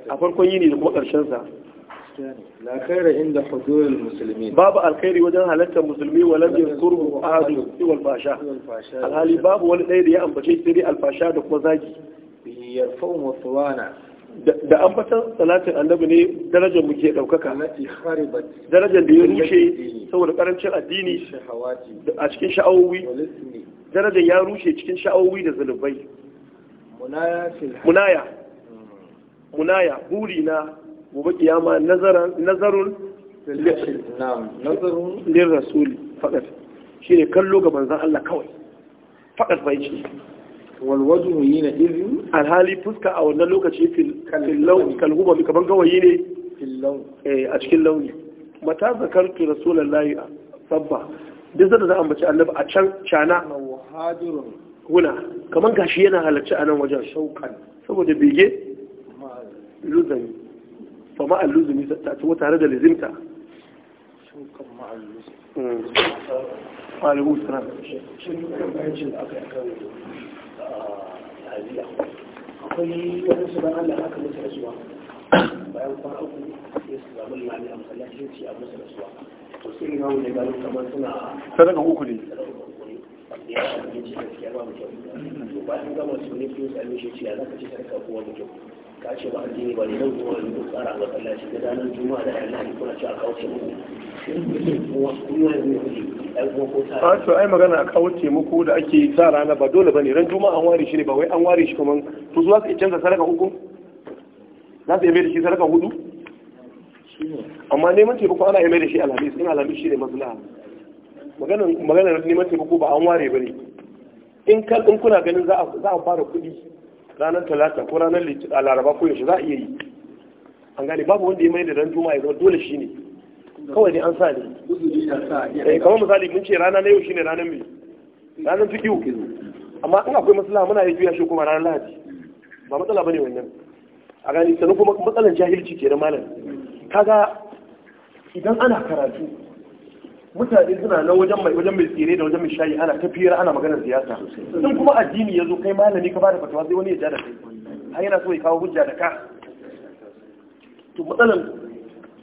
a farkon yini da kuma ƙarshensa la inda musulmi babu alkhairi wajen halartar musulmi walam yanzuru ahadu wal fasha alhali babu wani ɗaya da ya ambace sai dai alfasha da kuma zagi yarfa'u da ambatan salatin annabi ne darajar muke daukaka darajar da ya rushe saboda karancin addini a cikin sha'awowi darajar ya rushe cikin sha'awowi da zunubai munaya hmm. munaya buri na gobe kiyama nazarun lir rasuli fakat ne kallo ga manzon Allah kawai fakat bai ce walwajhu hina alhali fuska a wannan lokaci fil launi kalhuba kaman gawayi ne launi a cikin launi mata zakartu rasulullahi sabba duk zata za ambaci annabi a can cana huna kaman gashi yana halarci a nan wajen shauƙan saboda bege luzami fama al luzumi ta ci tare da lizimta ta'aziyya akwai wani su ban Allah aka musu rasuwa bayan kwana uku ya su zamu a masallaci a rasuwa to sai ne mamu ne gano kamar suna sadaka uku ne ya ce ba mu to bayan gama su ne fiye su almishi ce ya zaka ci sadaka ka ce ba addini ba ne nan kuma yanzu tsara a shi da nan juma'a da ranar lahadi kuna ci a kauce muku a ah, to ai magana a kauce muku da ake sa rana ba dole ba ne ran juma'a an ware shi ne ba wai an ware shi kuma to zuwa su canza sadaka uku za su yi mai da shi sadaka hudu amma neman taimako ana yi mai da shi alhamis in alhamis shi ne maslaha maganar neman taimako ba an ware ba ne in kuna ganin za a fara kuɗi ranar talata ko ranar laraba ko yaushe za a iya yi an gane babu wanda ya mai da ran juma ya zama dole shi ne kawai dai an sa ne eh, kamar misali mun ce rana na yau shine ranar mai ranar fikiyu amma in akwai matsala muna yi juya shi kuma ranar lahadi ba matsala bane wannan a gani sanu kuma matsalan jahilci ke da malam kaga idan ana karatu mutane suna nan wajen mai wajen mai tsire da wajen mai shayi ana ta fira ana maganar siyasa in kuma addini ya zo kai malami ka bada fatawa sai wani ya ja da kai har yana so ya kawo hujja da ka to matsalan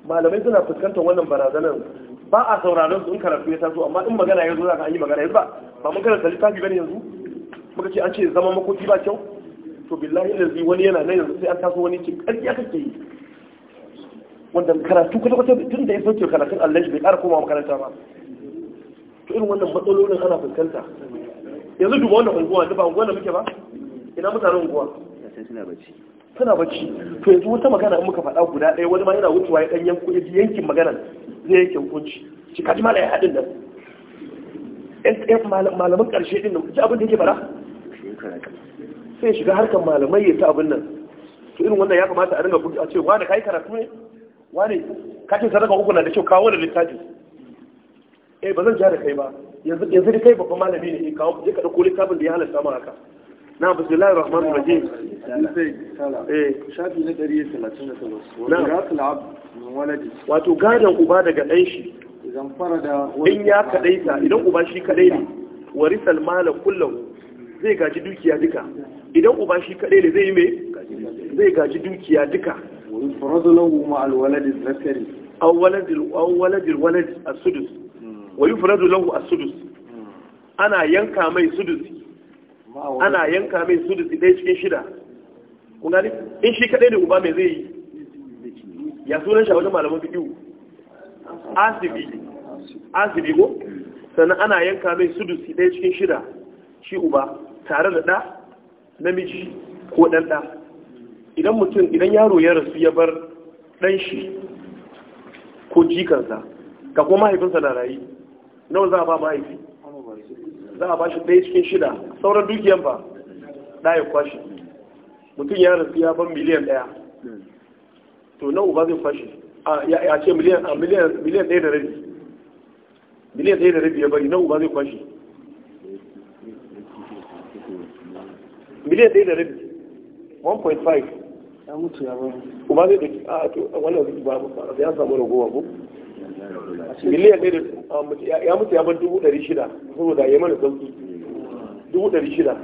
malamai suna fuskantar wannan barazanar ba a sauraron su in karatu ya taso amma in magana ya zo za ka yi magana yanzu ba ba mun karanta littafi bane yanzu muka ce an ce zama makoki ba kyau to billahi lazi wani yana nan yanzu sai an taso wani ce ƙarfi aka ke yi wanda karatu kwata kwata tun da ya sauke karatun Allah bai ƙara koma makaranta ba to irin wannan matsalolin ana fuskanta yanzu duba wannan unguwa da ba unguwa da muke ba ina mutanen unguwa suna bacci suna bacci to yanzu wata magana in muka faɗa guda ɗaya wani ma yana wucewa ya ɗan yankin magana zai yanke hukunci shi kaji malaye haɗin nan malaman ƙarshe ɗin nan ji abin da yake bara sai shiga harkar malamai ya ta abin nan to irin wannan ya kamata a ringa a ce wani kai karatu ne wane kace sadaka uku na da kyau kawo da littafi eh ba zan ja da kai ba yanzu yanzu kai babban malami ne eh, kawo je ka dauko littafin da ya halatta ma haka na bismillahir rahmanir rahim eh shafi na 138 wato gadon uba daga dan shi idan da in ya kadaita idan uba shi kadai ne warisal mala kullahu zai gaji dukiya duka idan uba shi kadai ne zai yi me zai gaji dukiya duka ويفرض له مع الولد الذكري أو ولد أو ولد الولد السدس ويفرض له السدس أنا ينكا مي سدس أنا ينكا مي سدس شدا kun gani in shi kadai ne uba mai zai yi ya sunan shi wajen malaman fiƙiwu asibi asibi ko sannan ana yanka mai sudusi ɗaya cikin shida shi uba tare da ɗa namiji ko ɗan idan mutum idan yaro ya rasu ya bar ɗanshi shi ko jikansa ga kuma mahaifinsa na rayu nawa za a ba mahaifi za a ba shi ɗaya cikin shida sauran dukiyan ba ɗaya kwashi mutum ya rasu ya bar miliyan ɗaya to na uba zai kwashi a ce miliyan ɗaya da rabi miliyan ɗaya da rabi ya bari na uba zai kwashi miliyan ɗaya da rabi 1.5 ya mutu ya bari kuma zai daki a to wannan ba ya samu ragowa ko miliyan ne ya mutu ya bar dubu ɗari shida saboda ya mana sauki dubu ɗari shida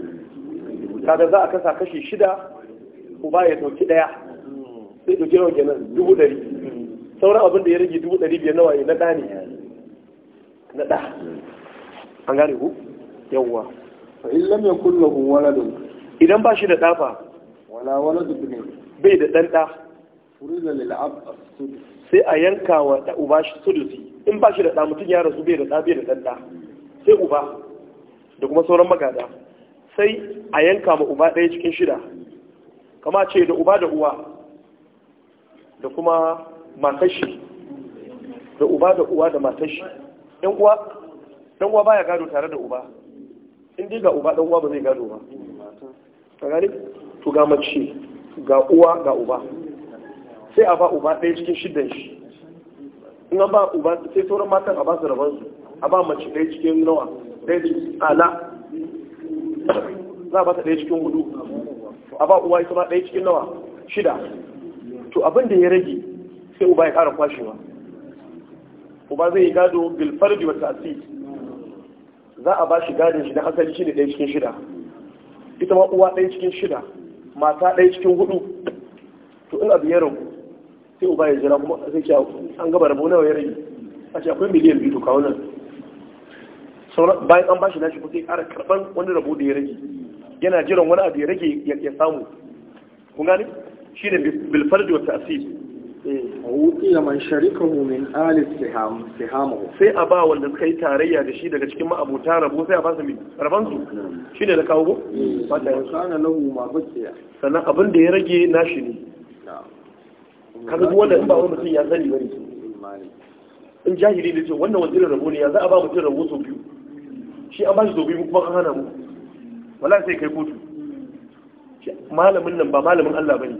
kaga za a kasa kashi shida uba ya ɗauki ɗaya sai ɗauki yawan kenan dubu ɗari sauran abin da ya rage dubu ɗari biyar nawa ne na ɗa ne na ɗa an gane ku yawwa fa in lam yakul lahu waladun idan ba shi da ɗafa wala waladun ne bai da ɗan ɗa sai a yanka wa da uba shi sulusi in ba shi da ɗa mutum ya rasu bai da ɗa bai da ɗan ɗa sai uba da kuma sauran magada sai a yanka ma uba ɗaya cikin shida kama ce da uba da uwa da kuma matashi da uba da uwa da matashi ɗan uwa baya gado tare da uba in dai ga uba ɗan uwa ba zai gado ba to ga mace ga uwa ga uba sai a ba uba ɗaya cikin shidan shi in an ba uba sai sauran matan a ba su rabar su a ba mace ɗaya cikin nawa ɗaya cikin ala za a ba ta ɗaya cikin hudu a ba uwa ita ma ɗaya cikin nawa shida to abin da ya rage sai uba ya ƙara kwashewa uba zai yi gado bilfarji wa tasiri za a ba shi gadon shi na asali shi ne ɗaya cikin shida ita ma uwa ɗaya cikin shida mata ɗaya cikin hudu to in abu ya rabu sai uba ya jira kuma sai ce an gaba rabu nawa ya rage a ce akwai miliyan biyu to kawo nan bayan an bashi nashi sai ƙara karɓar wani rabu da ya rage yana jiran wani abu ya rage ya samu kun gane shi ne bilfar da wata asiri Eh. man sharikahu min alif sihamahu sai a ba wanda kai tarayya da shi daga cikin ma'abuta rabo sai a ba su mai rabansu shi ne da kawo eh. ba ta yi sana lahu ma bakiya sannan abin da ya rage nashi ne kaga duk wanda in ba wani mutum ya sani bane in jahili ne ce wannan wani irin rabo ne ya za a ba mutum rabo sau biyu shi an ba shi sau biyu kuma an hana mu wala sai kai kotu malamin nan ba malamin Allah bane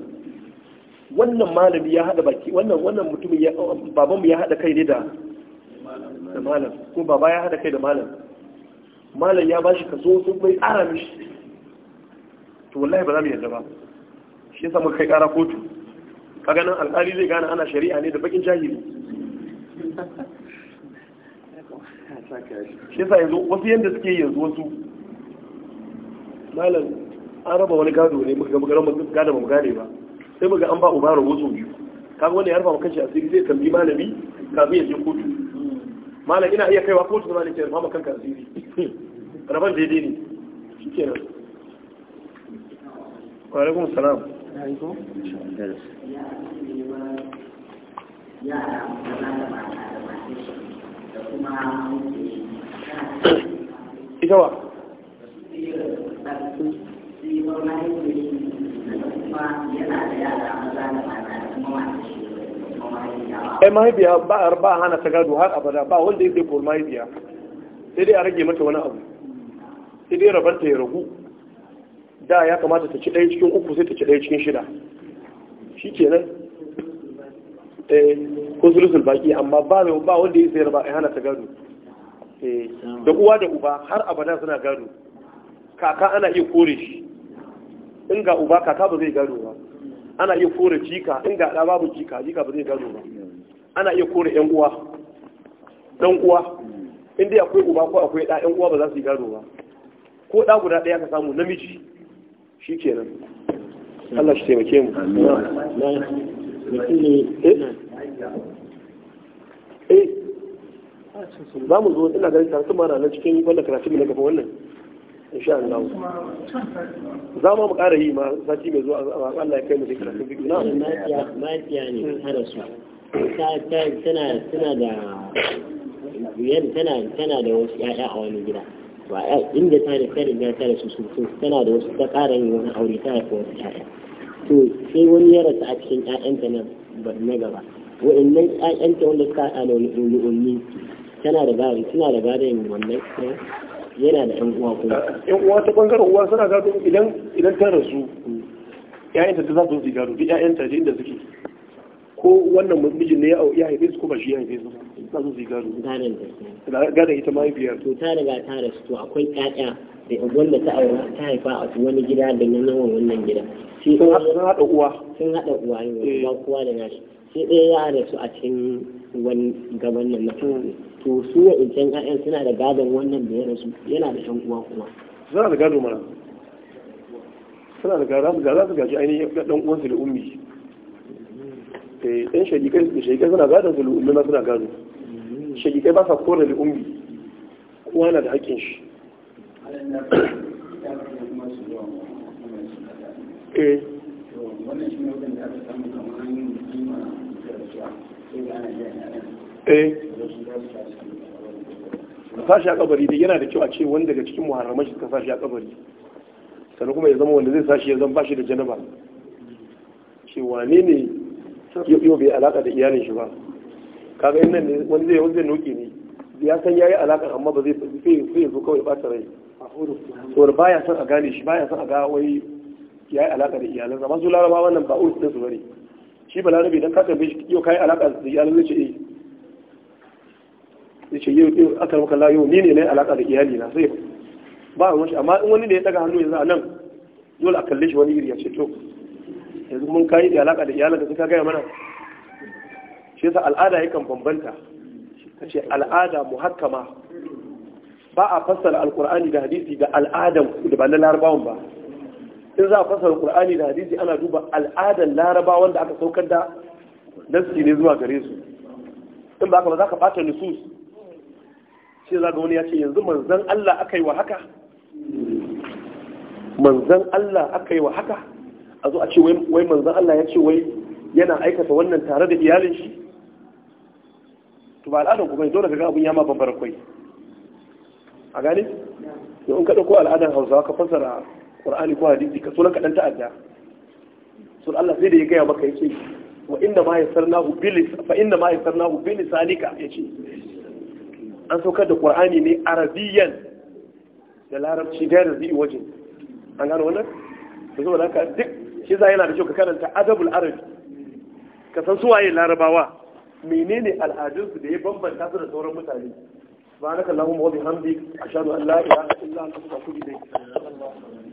wannan malami ya haɗa baki wannan wannan mutumin ya babanmu ya haɗa kai ne da da malam ko baba ya haɗa kai da malam malam ya bashi kaso sun bai tsara mishi to wallahi ba za mu yarda ba shi yasa muka kai ƙara kotu kaga nan alƙali zai gane ana shari'a ne da bakin jahili shi yasa yanzu wasu yanda suke yanzu wasu malam an raba wani gado ne muka ga gado ba mu gane ba sai muga an ba uba rahoto biyu kaga wanda ya rufa maka shi asiri zai tambi malami kafin ya je kotu malam ina iya kaiwa kotu zama ne ke rufa maka asiri rabon daidai ne shikenan wa alaikum salam ita ba. ai mahaifiya ba ba hana ta gado har abada ba wanda ya kor mahaifiya sai dai a rage mata wani abu sai dai rabar ta ya ragu da ya kamata ta ci ɗaya cikin uku sai ta ci ɗaya cikin shida shi ke kenan eh, ko sulusul baki amma ba wanda ya raba a ai hana ta gado eh, da uwa da uba har abada suna gado kaka ana iya kore shi in ga uba kaka ba zai gado ba ana iya kore jika in ga ɗa babu jika jika ba zai gado ba ana iya kore yan uwa dan uwa inda akwai uba ko akwai ɗa yan uwa ba za su yi gado ba ko ɗa guda ɗaya ka samu namiji shi kenan Allah shi taimake mu eh? Eh. za mu zo ina ganin tare mara na cikin wannan karatu na gaba wannan insha Allah za mu ƙara yi ma sati mai zuwa Allah ya kai mu zai karatu na na ya ne har su tana da wasu 'ya'ya a wani gida ba eh, inda ta da ta riga ta da su su tana da wasu ta ƙara yin wani aure ta haifa wasu 'ya'ya to sai wani ya rasu a cikin 'ya'yanta na na gaba wa'annan 'ya'yanta wanda suka haɗa da wani ulumi tana da gari suna da yin wannan yana da ƴan uwa kuma ƴan uwa ta bangaren uwa suna gado idan idan ta rasu ƴaƴanta ta za su gado duk je inda suke ko wannan mijin ne ya haife su kuma shi ya haife su ba su gado gado ita mahaifiyar to ta riga ta rasu to akwai ƴaƴa da wanda ta aura ta haifa a wani gida da na nawa wannan gida sun haɗa uwa sun hada uwa ne eh. ba kowa da nashi sai ɗaya ya rasu a cikin wani gaban nan na hmm. to su ya can ƴaƴan suna da gadon wannan da ya rasu yana da yan uwa kuma suna da gado mana suna da gado su gaji ainihin ɗan uwansu da ummi ɗan eh, shagikai da shagikai suna gada su lu'ummi na suna gado shagikai ba sa kore umbi kowa na da haƙƙin shi eh, eh. shi a kabari dai yana da kyau a ce wani daga cikin muharraman shi ka shi a kabari sannan kuma ya zama wanda zai sashi ya zama shi da janaba cewa ne ne yau bai alaka da iyalin shi ba kaga in nan ne wani zai wani zai noke ne ya san yayi alaka amma ba zai sai zo kawai bata rai saboda baya san a gane shi baya san a ga wai yayi alaka da iyalansa amma su laraba wannan ba urus din su bane shi balarabe idan ka kaka bai yau kai alaka da iyalan zai ce eh zai ce yau aka maka layo yau ni ne na alaka da iyali na sai ba wani amma in wani ne ya daga hannu yanzu a nan dole a kalle shi wani iri ya ce to yanzu mun kayi da alaka da iyalanka sai ka gaya mana shi yasa al'ada yakan bambanta kace al'ada muhakkama ba a fassara alqur'ani da hadisi da al'adan da ba na larabawan ba in za a fassara alqur'ani da hadisi ana duba al'adan larabawan da aka saukar da nasi ne zuwa gare su in ba ka ba za ka bata nusus shi za ga wani ya ce yanzu manzan Allah aka yi wa haka manzan Allah aka yi wa haka a zo a ce wai manzan Allah ya ce wai yana aikata wannan tare da iyalin shi to ba al'adan kuma dole kaga abun ya ma bambara kwai a gane to in ka dauko al'adan Hausawa ka fasara Qur'ani ko hadisi ka sunan kadan ta'adda sun Allah sai da ya gaya maka yace wa inda ma yasarnahu bilis fa inda ma yasarnahu bilisanika yace an saukar da Qur'ani ne arabiyan da larabci da rabi wajen an gano wannan to saboda haka duk shi za yana da kyau ka karanta adabul arabi ka san suwaye larabawa menene al'adunsu da ya bambanta su da sauran mutane subhanakallahumma wa bihamdik ashhadu an la ilaha illa anta astaghfiruka wa atubu ilayk